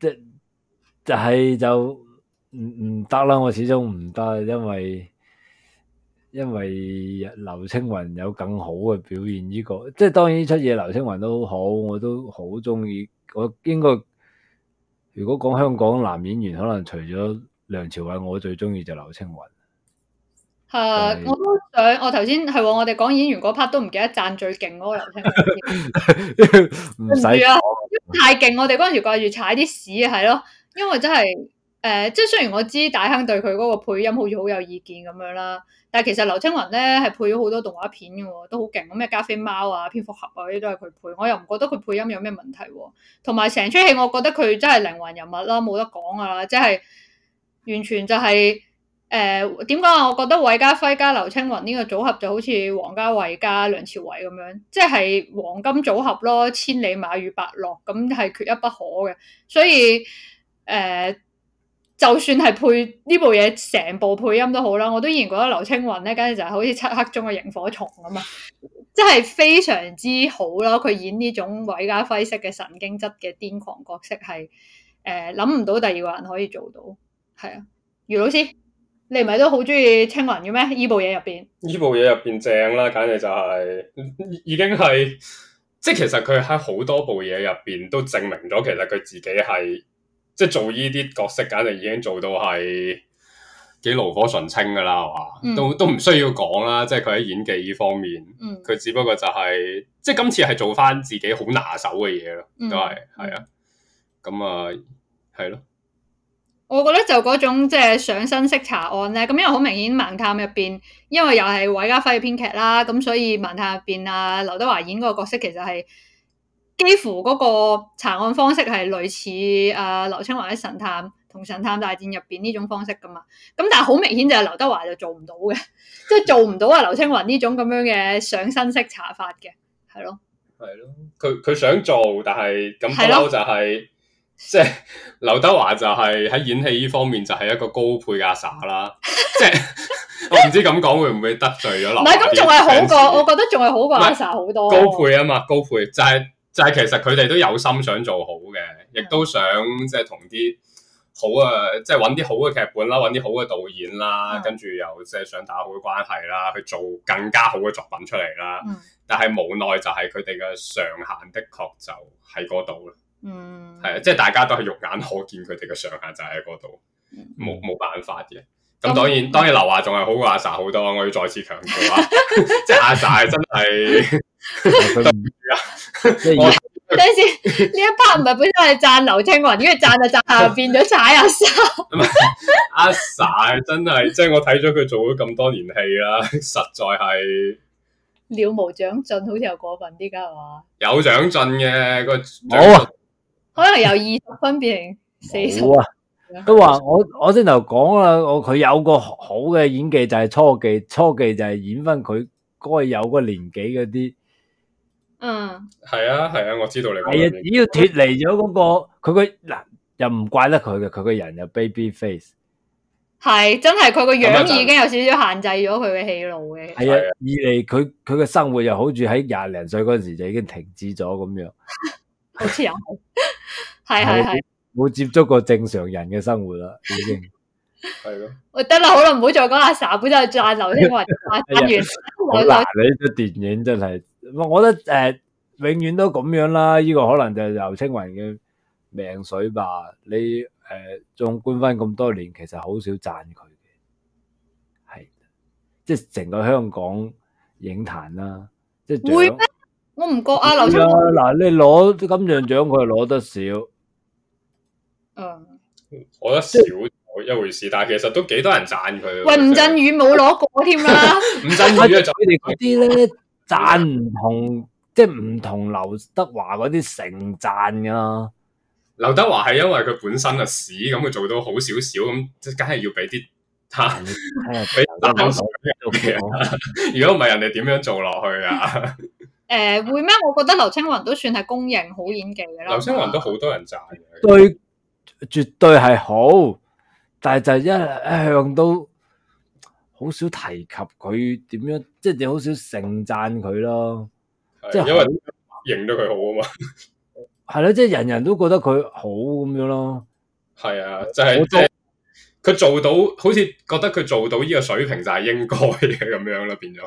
即 係就唔唔得啦！我始終唔得，因為因為劉青雲有更好嘅表現、這個。呢個即係當然出嘢，劉青雲都好，我都好中意。我應該如果講香港男演員，可能除咗梁朝偉，我最中意就劉青雲。誒，uh, 對 我都想我頭先係我哋講演員嗰 part 都唔記得讚最勁嗰個劉青雲。唔使 說啊，太勁！我哋嗰陣時掛住踩啲屎係咯，因為真係誒，即、呃、係雖然我知大亨對佢嗰個配音好似好有意見咁樣啦，但係其實劉青雲咧係配咗好多動畫片嘅喎，都好勁。咩加菲貓啊、蝙蝠俠啊啲都係佢配，我又唔覺得佢配音有咩問題喎、啊。同埋成出戲，我覺得佢真係靈魂人物啦，冇得講啊，即、就、係、是、完全就係、是。誒，點講啊？我覺得韋家輝加劉青雲呢個組合就好似王家衛加梁朝偉咁樣，即係黃金組合咯，千里馬與伯樂咁係缺一不可嘅。所以誒、呃，就算係配呢部嘢成部配音都好啦，我都依然覺得劉青雲咧，簡直就係好似漆黑中嘅螢火蟲咁啊，真係非常之好咯。佢演呢種韋家輝式嘅神經質嘅癲狂角色，係誒諗唔到第二個人可以做到。係啊，余老師。你唔係都好中意青雲嘅咩？呢部嘢入邊，呢部嘢入邊正啦，簡直就係、是、已經係，即係其實佢喺好多部嘢入邊都證明咗，其實佢自己係即係做呢啲角色，簡直已經做到係幾爐火純青噶啦，係嘛、嗯？都都唔需要講啦，即係佢喺演技呢方面，佢、嗯、只不過就係、是、即係今次係做返自己好拿手嘅嘢咯，都係係、嗯、啊，咁啊係咯。我覺得就嗰種即係、就是、上身式查案咧，咁因為好明顯《盲探》入邊，因為又係韋家輝嘅編劇啦，咁所以《盲探》入邊啊，劉德華演嗰個角色其實係幾乎嗰個查案方式係類似誒劉、呃、青雲喺《神探同神探大戰》入邊呢種方式噶嘛，咁但係好明顯就係劉德華就做唔到嘅，即 係做唔到啊劉青雲呢種咁樣嘅上身式查法嘅，係咯，係咯，佢佢想做，但係咁不嬲就係、是。即係劉德華就係、是、喺演戲呢方面就係一個高配阿 sa 啦， 即係我唔知咁講會唔會得罪咗劉。唔係，咁仲係好過，是我覺得仲係好過阿 sa 好多。高配啊嘛，高配就係、是、就係、是、其實佢哋都有心想做好嘅，亦的都想即係同啲好嘅、啊，即係搵啲好嘅劇本啦，搵啲好嘅導演啦，的跟住又即係想打好嘅關係啦，去做更加好嘅作品出嚟啦。的的但係無奈就係佢哋嘅上限的確就喺嗰度。嗯，係啊，即係大家都係肉眼可見，佢哋嘅上下就喺嗰度，冇冇辦法嘅。咁當然當然，劉華仲係好過阿 sa 好多。我要再次強調啊，即係、嗯、 真阿 sa 係真係。我等陣等呢 一 part 唔係本身係讚劉青雲，跟住讚就讚下變咗踩阿、啊、sa。阿 sa、 啊、真係，即係我睇咗佢做咗咁多年戲啦，實在係了無長進，好似又過分啲噶係嘛？有長進嘅個冇啊。我可能由二十分變，四十啊，都話我我先頭講啦，我佢有個好嘅演技就係初期，初期就係演返佢該有個年紀嗰啲，嗯，係啊係啊，我知道你講係啊，只要脱離咗嗰個佢個嗱，又唔怪得佢嘅，佢個人又 baby face，係真係佢個樣已經有少少限制咗佢嘅戲路嘅，係啊，二嚟佢佢嘅生活又好似喺廿零歲嗰陣時就已經停止咗咁樣。好似又係，係係係，冇接觸過正常人嘅生活啦，已經係咯。喂，得啦，好啦，唔好再講阿 Sir，本身係讚劉青雲讚完。我嗱，你啲電影真係，我覺得誒，永遠都咁樣啦。呢個可能就係劉青雲嘅命水吧。你誒，仲觀翻咁多年，其實好少讚佢嘅，係，即係成個香港影壇啦，即係。我唔覺啊，劉青雲嗱，你攞金像獎佢係攞得少，嗯，攞得少一回事，但係其實都幾多人讚佢。喂，吳鎮宇冇攞過添啦，吳鎮 宇啊，就嗰啲咧讚唔同，即係唔同劉德華嗰啲成讚噶。劉德華係因為佢本身啊屎咁，佢做到好少少咁，即係梗係要俾啲讚，俾如果唔係人哋點樣做落去啊？ 誒、呃，會咩？我覺得劉青雲都算係公認好演技嘅咯。劉青雲都好多人讚嘅，對，絕對係好，但係就一一向都好少提及佢點樣，即係你好少盛讚佢咯。即係是因為認得佢好啊嘛，係咯，即係人人都覺得佢好咁樣咯。係啊，就係即係佢做到，好似覺得佢做到呢個水平就係應該嘅咁樣咯，變咗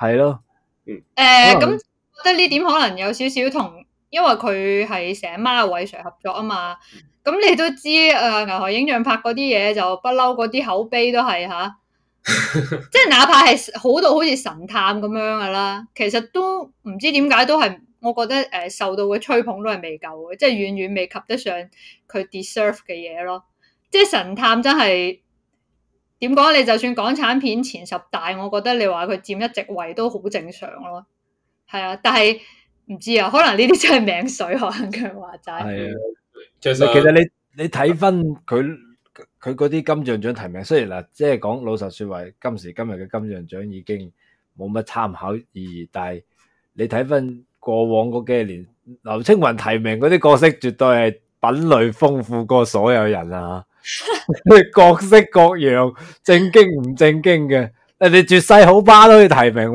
係咯，嗯，誒咁。覺得呢點可能有少少同，因為佢係成孖韋 sir 合作啊嘛，咁、嗯嗯嗯、你都知誒，銀、呃、河映像，拍嗰啲嘢，就不嬲，嗰啲口碑都係吓，啊、 即係哪怕係好到好似神探咁樣噶啦，其實都唔知點解，都係，我覺得誒受到嘅吹捧都係未夠嘅，即係遠遠未及得上佢 deserve 嘅嘢咯。即係神探真係點講？你就算港產片前十大，我覺得你話佢佔一席位都好正常咯。係啊，但係唔知啊，可能呢啲真係名水。何幸強話齋係啊，其實你你睇翻佢佢嗰啲金像獎提名，雖然嗱，即係講老實說話，今時今日嘅金像獎已經冇乜參考意義，但係你睇翻過往嗰幾年，劉青雲提名嗰啲角色，絕對係品類豐富過所有人啊，各色各樣，正經唔正經嘅，誒，你絕世好巴都可以提名。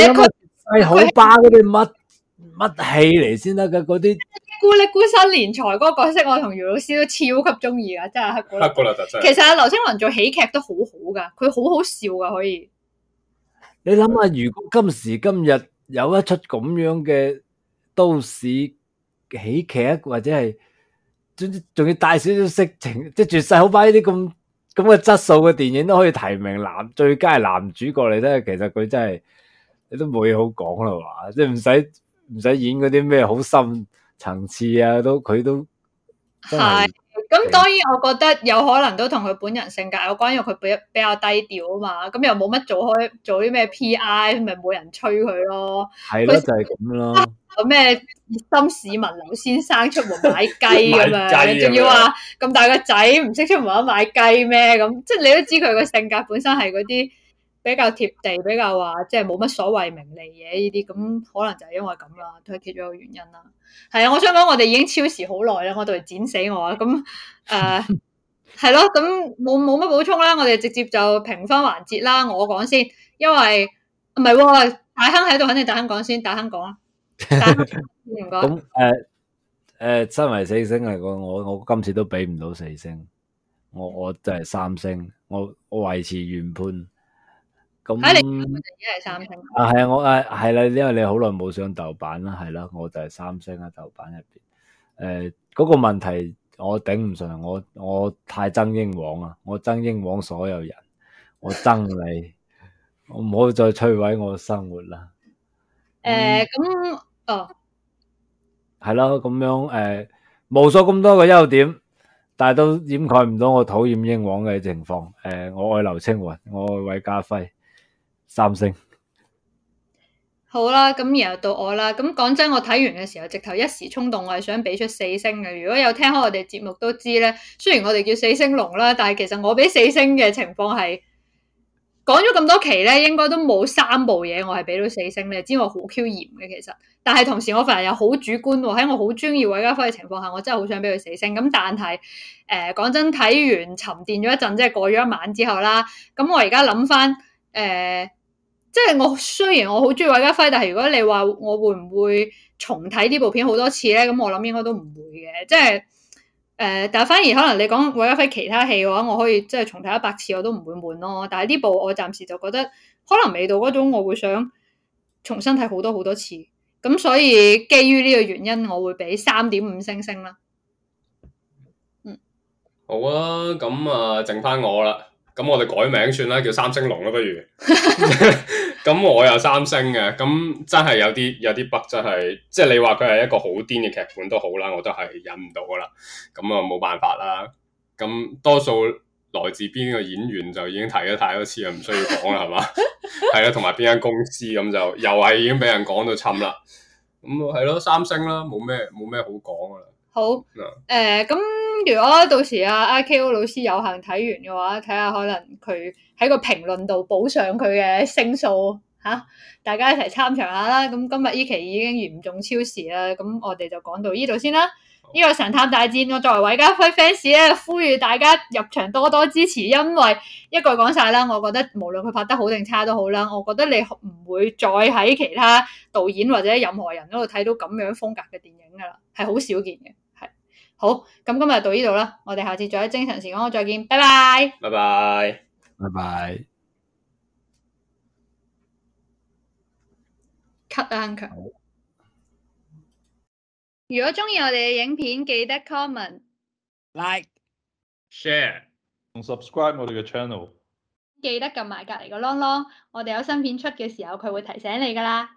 係好巴嗰啲乜乜戲嚟先得嘅？嗰啲孤力孤身，年才嗰個角色，我同余老師都超級中意嘅，真係。黑黑其實阿劉青雲做喜劇都好好噶，佢好好笑噶，可以。你諗下，如果今時今日有一出咁樣嘅都市喜劇，或者係總之仲要帶少少色情，即係絕世好巴呢啲咁咁嘅質素嘅電影都可以提名男最佳男主角嚟，真其實佢真係。你都冇嘢好講啦嘛，即係唔使唔使演嗰啲咩好深層次啊，都佢都係。咁當然，我覺得有可能都同佢本人性格有關，因為佢比比較低調啊嘛，咁又冇乜做開做啲咩 P.I. 咪冇人催佢咯。係、就是、咯，就係咁咯。咩熱心市民劉先生出門買雞咁樣，你仲 要話咁大個仔唔識出門買雞咩？咁即係你都知佢個性格本身係嗰啲。比較貼地，比較話即係冇乜所謂名利嘢呢啲，咁可能就係因為咁啦，都係其中一個原因啦。係啊，我想講，我哋已經超時好耐啦，我對剪死我啊。咁誒係咯，咁冇冇乜補充啦？我哋直接就評分環節啦，我講先，因為唔係大亨喺度，肯定大亨講先，大亨講啊，大亨講。咁誒誒，身、 嗯呃呃、為四星嚟講，我我今次都俾唔到四星，我我就係三星，我我維持原判。咁，啊係啊，我誒係啦，因為你好耐冇上豆瓣啦，係啦，我就係三星啊，豆瓣入邊誒，嗰個問題我頂唔順，我我太憎英皇啊，我憎英皇所有人，我憎你，我唔可以再摧毀我嘅生活啦。誒，咁哦，係咯，咁樣誒，無數咁多嘅優點，但係都掩蓋唔到我討厭英皇嘅情況。誒，我愛劉青雲，我愛韋家輝。三星，好啦，咁然後到我啦。咁講真，我睇完嘅時候，直頭一時衝動，我係想俾出四星嘅。如果有聽開我哋節目都知咧，雖然我哋叫四星龍啦，但係其實我俾四星嘅情況係講咗咁多期咧，應該都冇三部嘢我係俾到四星。你知我好 Q 嚴嘅其實。但係同時我份人又好主觀，喺我好中意韋家輝嘅情況下，我真係好想俾佢四星。咁但係誒，講、呃、真睇完沉澱咗一陣，即係過咗一晚之後啦，咁我而家諗翻。誒、呃即係我雖然我好中意韋家輝，但係如果你話我會唔會重睇呢部片好多次咧？咁我諗應該都唔會嘅。即係誒、呃，但係反而可能你講韋家輝其他戲嘅話，我可以即係重睇一百次，我都唔會悶咯。但係呢部我暫時就覺得可能未到嗰種我會想重新睇好多好多次。咁所以基於呢個原因，我會俾三點五星星啦。嗯，好啊，咁啊，剩翻我啦。咁我哋改名算啦，叫三星龍啦，不如。 咁我又三星嘅，咁真係有啲有啲 bug 真係，即係你話佢係一個好癲嘅劇本都好啦，我都係忍唔到噶啦，咁啊冇辦法啦。咁多數來自邊個演員就已經提咗太多次，唔需要講啦，係嘛 是吧？係 啦，同埋邊間公司咁就又係已經俾人講到侵啦。咁啊係咯，三星啦，冇咩冇咩好講噶啦。好，誒咁 Yeah.、uh,。如果到時啊，I K O 老師有幸睇完嘅話，睇下可能佢喺個評論度補上佢嘅星數嚇、啊，大家一齊參詳下啦。咁今日依期已經嚴重超時啦，咁我哋就講到呢度先啦。呢好個神探大戰，我作為韋家輝 fans 咧，呼籲大家入場多多支持，因為一句講晒啦，我覺得無論佢拍得好定差都好啦，我覺得你唔會再喺其他導演或者任何人嗰度睇到咁樣風格嘅電影噶啦，係好少見嘅。好，咁、嗯、今日到呢度啦，我哋下次再喺精神時講，再見，拜拜，拜拜，拜拜。如果鍾意我哋嘅影片，記得 comment、like share、share 同 subscribe 我哋嘅 channel。記得撳埋隔離個啷啷，我哋有新片出嘅時候，佢會提醒你噶啦。